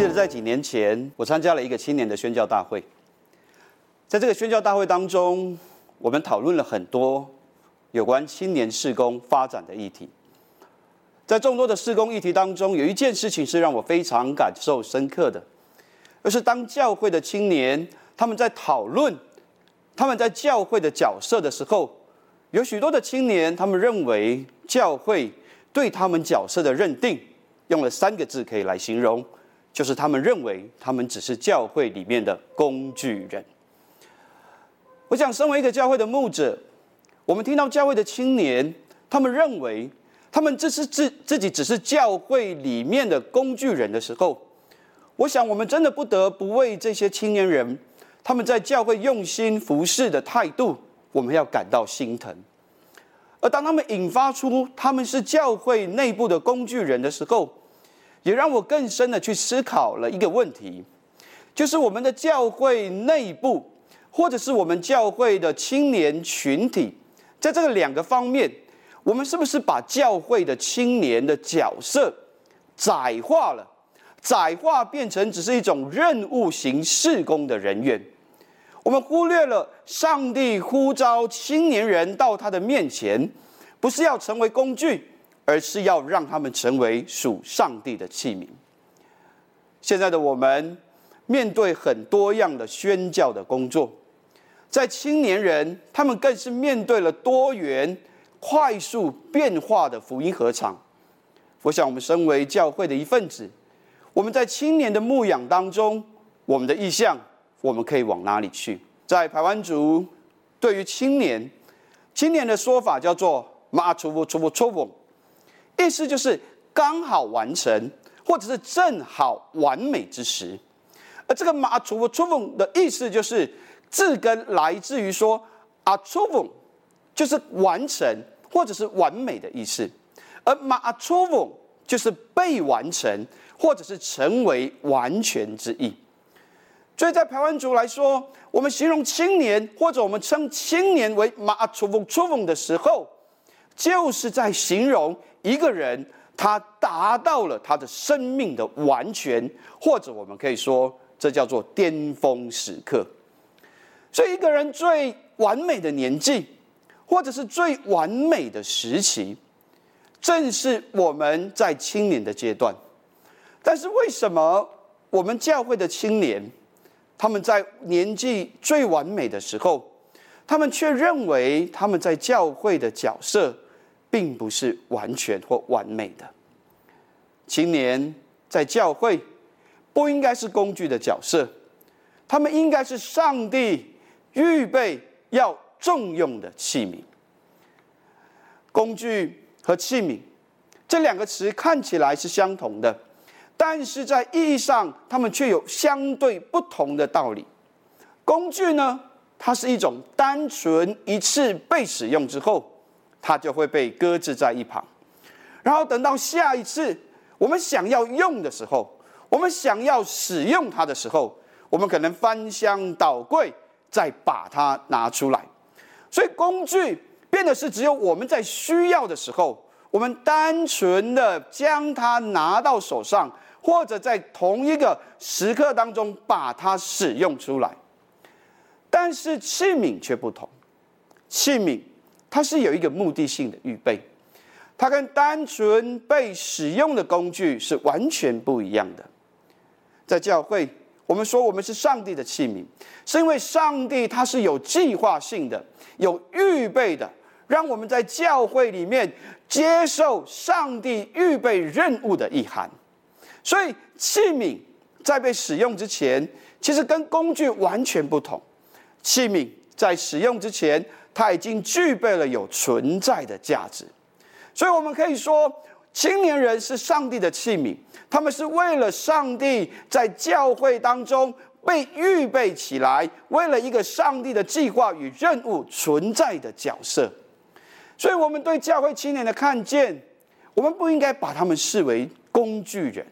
記得在幾年前，我參加了一個青年的宣教大會。在這個宣教大會當中，我們討論了很多有關青年事工發展的議題。在眾多的事工議題當中，有一件事情是讓我非常感受深刻的，而是當教會的青年他們在討論他們在教會的角色的時候，有許多的青年他們認為教會對他們角色的認定，用了三個字可以來形容。就是他們認為他們只是教會裡面的工具人。我想，身為一個教會的牧者，我們聽到教會的青年他們認為他們只是自自己只是教會裡面的工具人的時候，我想我們真的不得不為這些青年人他們在教會用心服侍的態度，我們要感到心疼。而當他們引發出他們是教會內部的工具人的時候，也讓我更深的去思考了一個問題，就是我們的教會內部，或者是我們教會的青年群體，在這個兩個方面，我們是不是把教會的青年的角色窄化了？窄化變成只是一種任務型事工的人員？我們忽略了上帝呼召青年人到他的面前，不是要成為工具。而是要讓他們成為屬上帝的器皿。現在的我們面對很多樣的宣教的工作，在青年人，他們更是面對了多元、快速變化的福音禾場。我想，我們身為教會的一份子，我們在青年的牧養當中，我們的意向，我們可以往哪裡去？在排灣族，對於青年，青年的說法叫做媽意思就是剛好完成，或者是正好完美之時。而這個馬阿楚翁的意思就是字根來自於說阿楚翁，就是完成或者是完美的意思。而馬阿楚翁就是被完成或者是成為完全之意。所以在排灣族來說，我們形容青年，或者我們稱青年為馬阿楚翁楚翁的時候，就是在形容。一個人他達到了他的生命的完全，或者我們可以說，這叫做巔峰時刻。所以，一個人最完美的年紀，或者是最完美的時期，正是我們在青年的階段。但是，為什麼我們教會的青年，他們在年紀最完美的時候，他們卻認為他們在教會的角色？並不是完全或完美的青年。在教會，不應該是工具的角色，他們應該是上帝預備要重用的器皿。工具和器皿這兩個詞看起來是相同的，但是在意義上，他們卻有相對不同的道理。工具呢，它是一種單純一次被使用之後，它就會被擱置在一旁，然後等到下一次我們想要用的時候，我們想要使用它的時候，我們可能翻箱倒櫃再把它拿出來。所以工具變得是只有我們在需要的時候，我們單純的將它拿到手上，或者在同一個時刻當中把它使用出來。但是器皿卻不同，器皿。它是有一個目的性的預備，它跟單純被使用的工具是完全不一樣的。在教會，我們說我們是上帝的器皿，是因為上帝他是有計劃性的、有預備的，讓我們在教會裡面接受上帝預備任務的意涵。所以器皿在被使用之前，其實跟工具完全不同。器皿在使用之前。他已經具備了有存在的價值，所以我們可以說，青年人是上帝的器皿，他們是為了上帝在教會當中被預備起來，為了一個上帝的計劃與任務存在的角色。所以，我們對教會青年的看見，我們不應該把他們視為工具人，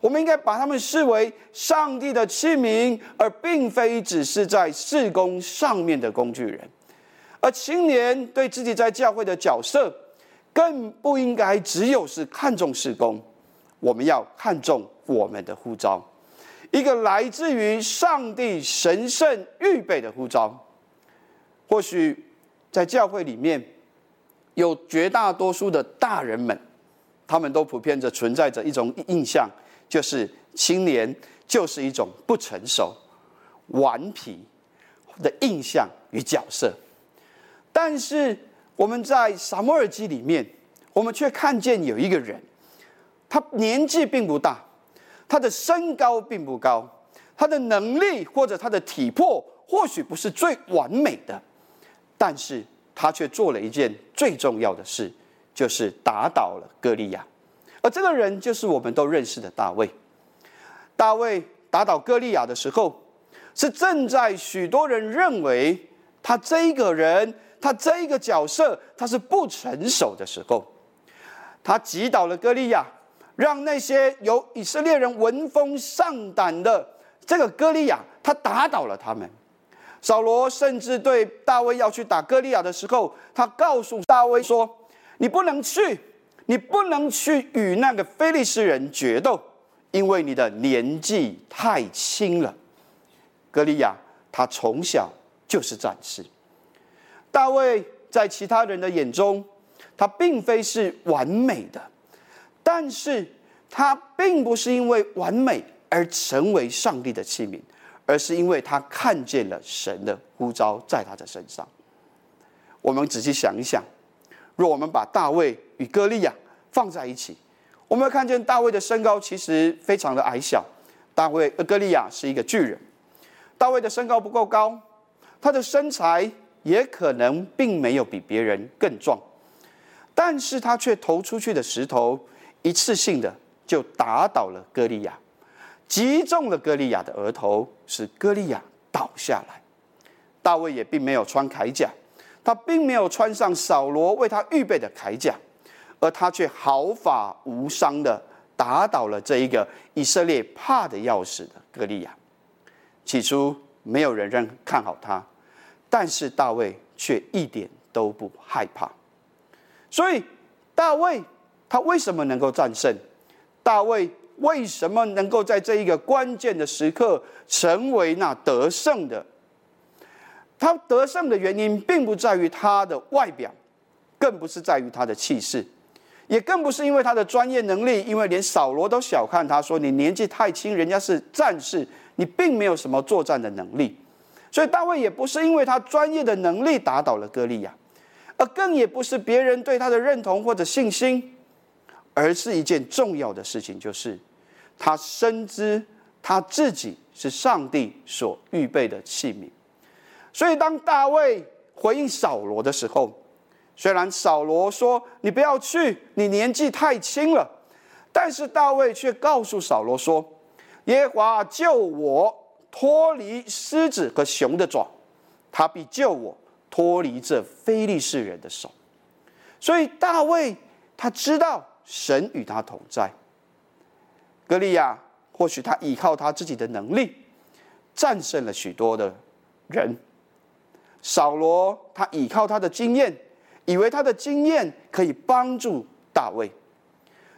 我們應該把他們視為上帝的器皿，而並非只是在事工上面的工具人。而青年對自己在教會的角色，更不應該只有是看重事工，我們要看重我們的呼召，一個來自於上帝神聖預備的呼召。或許在教會裡面有絕大多數的大人們，他們都普遍着存在着一種印象，就是青年就是一種不成熟、頑皮的印象與角色。但是我們在撒母耳記裡面，我們卻看見有一個人，他年紀並不大，他的身高並不高，他的能力或者他的體魄或許不是最完美的，但是他卻做了一件最重要的事，就是打倒了歌利亞，而這個人就是我們都認識的大衛。大衛打倒歌利亞的時候，是正在許多人認為他這一個人。他這個角色，他是不成熟的時候，他擊倒了歌利亞，讓那些由以色列人聞風喪膽的這個歌利亞，他打倒了他們。掃羅甚至對大衛要去打歌利亞的時候，他告訴大衛說：“你不能去，你不能去與那個非利士人決鬥，因為你的年紀太輕了。”歌利亞他從小就是戰士。大衛在其他人的眼中，他並非是完美的，但是他並不是因為完美而成為上帝的器皿，而是因為他看見了神的呼召在他的身上。我們仔細想一想，若我們把大衛與歌利亞放在一起，我們會看見大衛的身高其實非常的矮小，大衛呃，歌利亞是一個巨人，大衛的身高不夠高，他的身材。也可能並沒有比別人更壯，但是他卻投出去的石頭，一次性的就打倒了歌利亞，擊中了歌利亞的額頭，使歌利亞倒下來。大衛也並沒有穿鎧甲，他並沒有穿上掃羅為他預備的鎧甲，而他卻毫髮無傷的打倒了這一個以色列怕的要死的歌利亞。起初沒有人認看好他。但是大衛卻一點都不害怕，所以大衛他為什麼能夠戰勝？大衛為什麼能夠在這一個關鍵的時刻成為那得勝的？他得勝的原因，並不在於他的外表，更不是在於他的氣勢，也更不是因為他的專業能力，因為連掃羅都小看他，說你年紀太輕，人家是戰士，你並沒有什麼作戰的能力。所以大衛也不是因為他專業的能力打倒了歌利亞，而更也不是別人對他的認同或者信心，而是一件重要的事情，就是他深知他自己是上帝所預備的器皿。所以當大衛回應掃羅的時候，雖然掃羅說：“你不要去，你年紀太輕了。”但是大衛卻告訴掃羅說：“耶和華救我。”脫離獅子和熊的爪，他必救我脫離這非利士人的手。所以大衛他知道神與他同在。歌利亞或許他依靠他自己的能力戰勝了許多的人。掃羅他依靠他的經驗，以為他的經驗可以幫助大衛。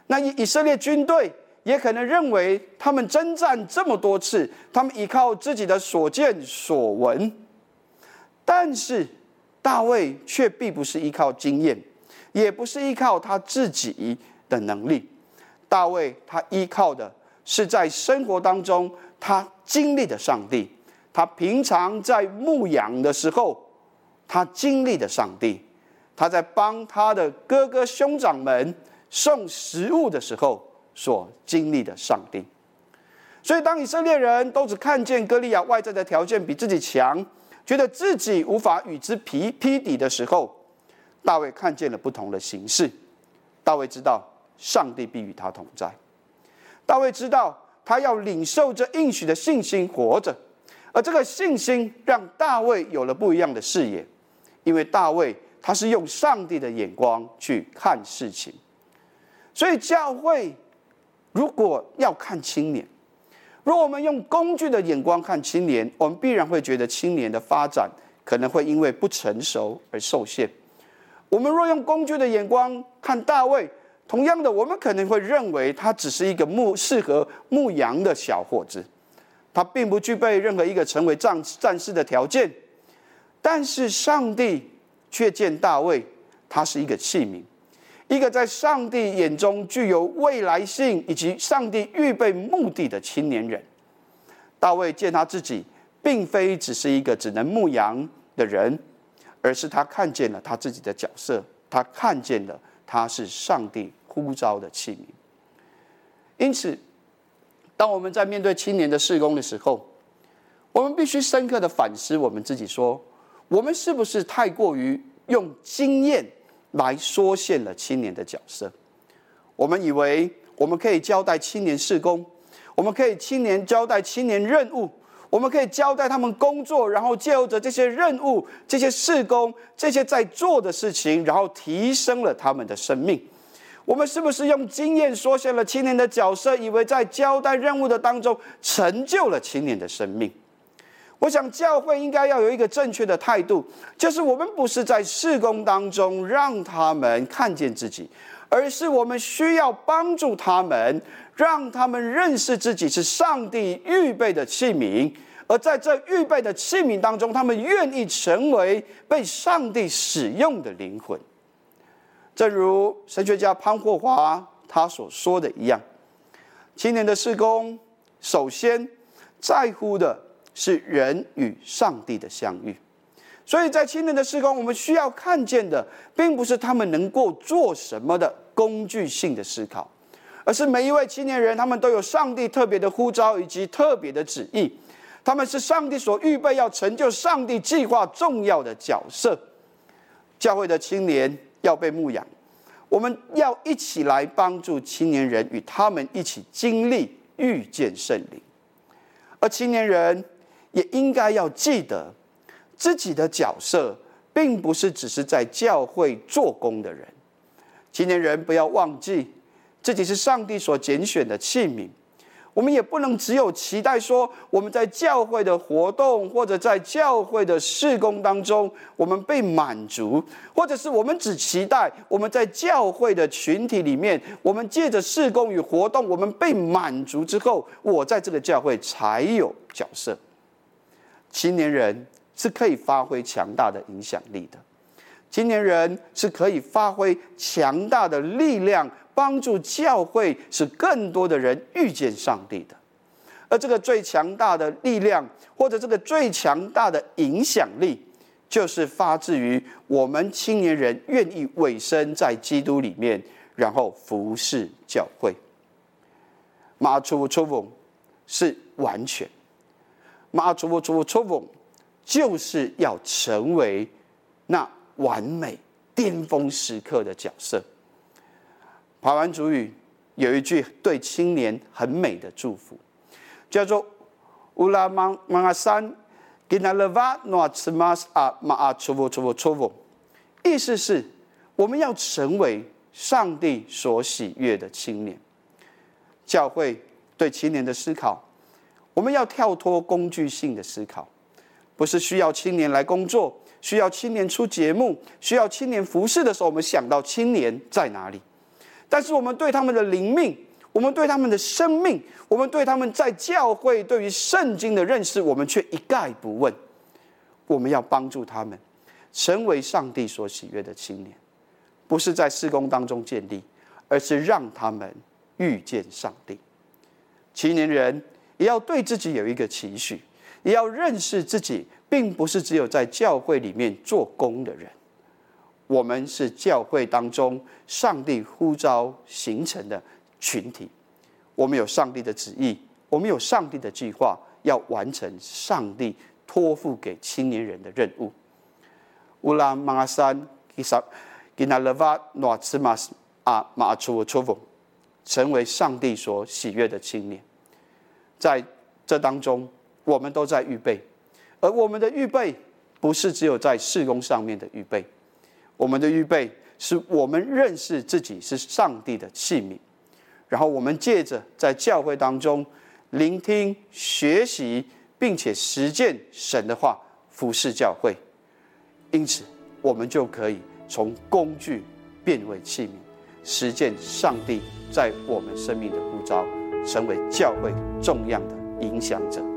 那以以色列軍隊。也可能認為他們征戰這麼多次，他們依靠自己的所見所聞，但是大衛卻並不是依靠經驗，也不是依靠他自己的能力。大衛他依靠的是在生活當中他經歷的上帝，他平常在牧羊的時候他經歷的上帝，他在幫他的哥哥兄長們送食物的時候。所經歷的上帝，所以當以色列人都只看見歌利亞外在的條件比自己強，覺得自己無法與之匹匹敵的時候，大衛看見了不同的形式。大衛知道上帝必與他同在，大衛知道他要領受這應許的信心活着，而這個信心讓大衛有了不一樣的視野，因為大衛他是用上帝的眼光去看事情，所以教會。如果要看青年，若我們用工具的眼光看青年，我們必然會覺得青年的發展可能會因為不成熟而受限。我們若用工具的眼光看大衛，同樣的，我們可能會認為他只是一個牧適合牧羊的小伙子，他並不具備任何一個成為戰戰士的條件。但是上帝卻見大衛，他是一個器皿。一個在上帝眼中具有未來性以及上帝預備目的的青年人，大衛見他自己並非只是一個只能牧羊的人，而是他看見了他自己的角色，他看見了他是上帝呼召的器皿。因此，當我們在面對青年的事工的時候，我們必須深刻的反思我們自己，說我們是不是太過於用經驗。來縮限了青年的角色，我們以為我們可以交代青年事工，我們可以青年交代青年任務，我們可以交代他們工作，然後借由着這些任務、這些事工、這些在做的事情，然後提升了他們的生命。我們是不是用經驗縮限了青年的角色，以為在交代任務的當中成就了青年的生命？我想，教會應該要有一個正確的態度，就是我們不是在事工當中讓他們看見自己，而是我們需要幫助他們，讓他們認識自己是上帝預備的器皿，而在這預備的器皿當中，他們願意成為被上帝使用的靈魂。正如神學家潘霍華他所說的一樣，今年的事工首先在乎的。是人與上帝的相遇，所以在青年的時光，我們需要看見的，並不是他們能夠做什麼的工具性的思考，而是每一位青年人，他們都有上帝特別的呼召以及特別的旨意，他們是上帝所預備要成就上帝計劃重要的角色。教會的青年要被牧養，我們要一起來幫助青年人，與他們一起經歷遇見聖靈，而青年人。也應該要記得，自己的角色並不是只是在教會做工的人。青年人不要忘記，自己是上帝所揀選的器皿。我們也不能只有期待說，我們在教會的活動或者在教會的事工當中，我們被滿足，或者是我們只期待我們在教會的群體裡面，我們借着事工與活動，我們被滿足之後，我在這個教會才有角色。青年人是可以發揮強大的影響力的，青年人是可以發揮強大的力量，幫助教會使更多的人遇見上帝的。而這個最強大的力量，或者這個最強大的影響力，就是發自於我們青年人願意委身在基督裡面，然後服侍教會。馬出夫出逢是完全。馬阿祖佛祖佛祖佛，就是要成為那完美，巔峰時刻的角色。排灣族語，有一句對青年很美的祝福，叫做烏拉曼曼阿三，給那勒瓦諾阿斯馬斯阿馬阿祖佛祖佛祖佛。意思是，我們要成為上帝所喜悅的青年。教會對青年的思考。我們要跳脫工具性的思考，不是需要青年來工作，需要青年出節目，需要青年服事的時候，我們想到青年在哪裡？但是我們對他們的靈命，我們對他們的生命，我們對他們在教會對於聖經的認識，我們却一概不問。我們要幫助他們成為上帝所喜悅的青年，不是在事工當中建立，而是讓他們遇見上帝。青年人。也要對自己有一個期許，也要認識自己，並不是只有在教會裡面做工的人。我們是教會當中上帝呼召形成的群體，我們有上帝的旨意，我們有上帝的計劃，要完成上帝托付給青年人的任務。烏拉瑪山給什給那勒巴諾茲啊馬出沃出佛，成為上帝所喜悅的青年。在這當中，我們都在預備，而我們的預備不是只有在事工上面的預備，我們的預備是我們認識自己是上帝的器皿，然後我們借着在教會當中聆聽、學習，並且實踐神的話，服侍教會，因此我們就可以從工具變為器皿，實踐上帝在我們生命的呼召。成為教會重要的影響者。